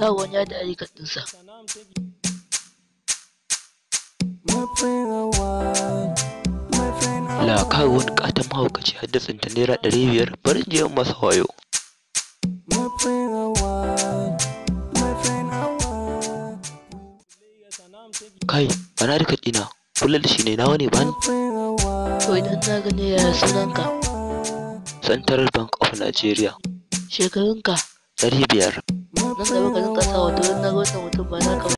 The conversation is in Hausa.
Lawan ya da ayyukan ɗinsa. Laka wani katon mahaukaci haddatsinta naira ɗari biyar barin jiyan masa wayo. Kai, bana rika ɗina, kullum shi ne nawa ne bani. To idan na gane ya sunanka? Central Bank of Nigeria. Shekarunka? Ɗari biyar. Nan gaba ka sa hoto na ga mutum ba na ka